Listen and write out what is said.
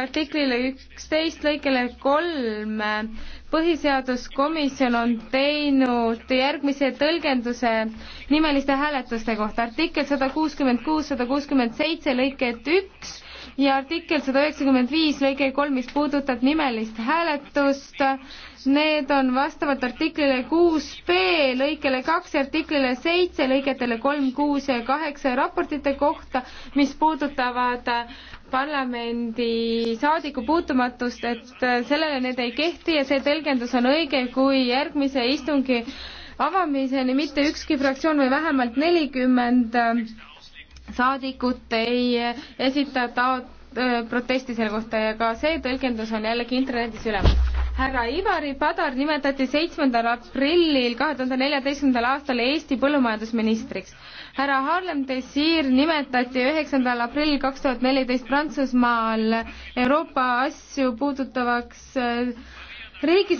artiklile üksteist lõikele kolm põhiseaduskomisjon on teinud järgmise tõlgenduse nimeliste hääletuste kohta. artikkel sada kuuskümmend kuus, sada kuuskümmend seitse lõiket üks ja artikkel sada üheksakümmend viis lõige kolm, mis puudutab nimelist hääletust. Need on vastavalt artiklile kuus B lõikele kaks ja artiklile seitse lõigetele kolm, kuus ja kaheksa raportite kohta, mis puudutavad parlamendi saadiku puutumatust, et äh, sellele need ei kehti ja see tõlgendus on õige, kui järgmise istungi avamiseni mitte ükski fraktsioon või vähemalt nelikümmend äh, saadikut ei äh, esita taot-, protesti selle kohta ja ka see tõlgendus on jällegi internetis üleval härra Ivari Padar nimetati seitsmendal aprillil kahe tuhande neljateistkümnendal aastal Eesti põllumajandusministriks. härra Harlem Desir nimetati üheksandal aprillil kaks tuhat neliteist Prantsusmaal Euroopa asju puudutavaks äh, riigis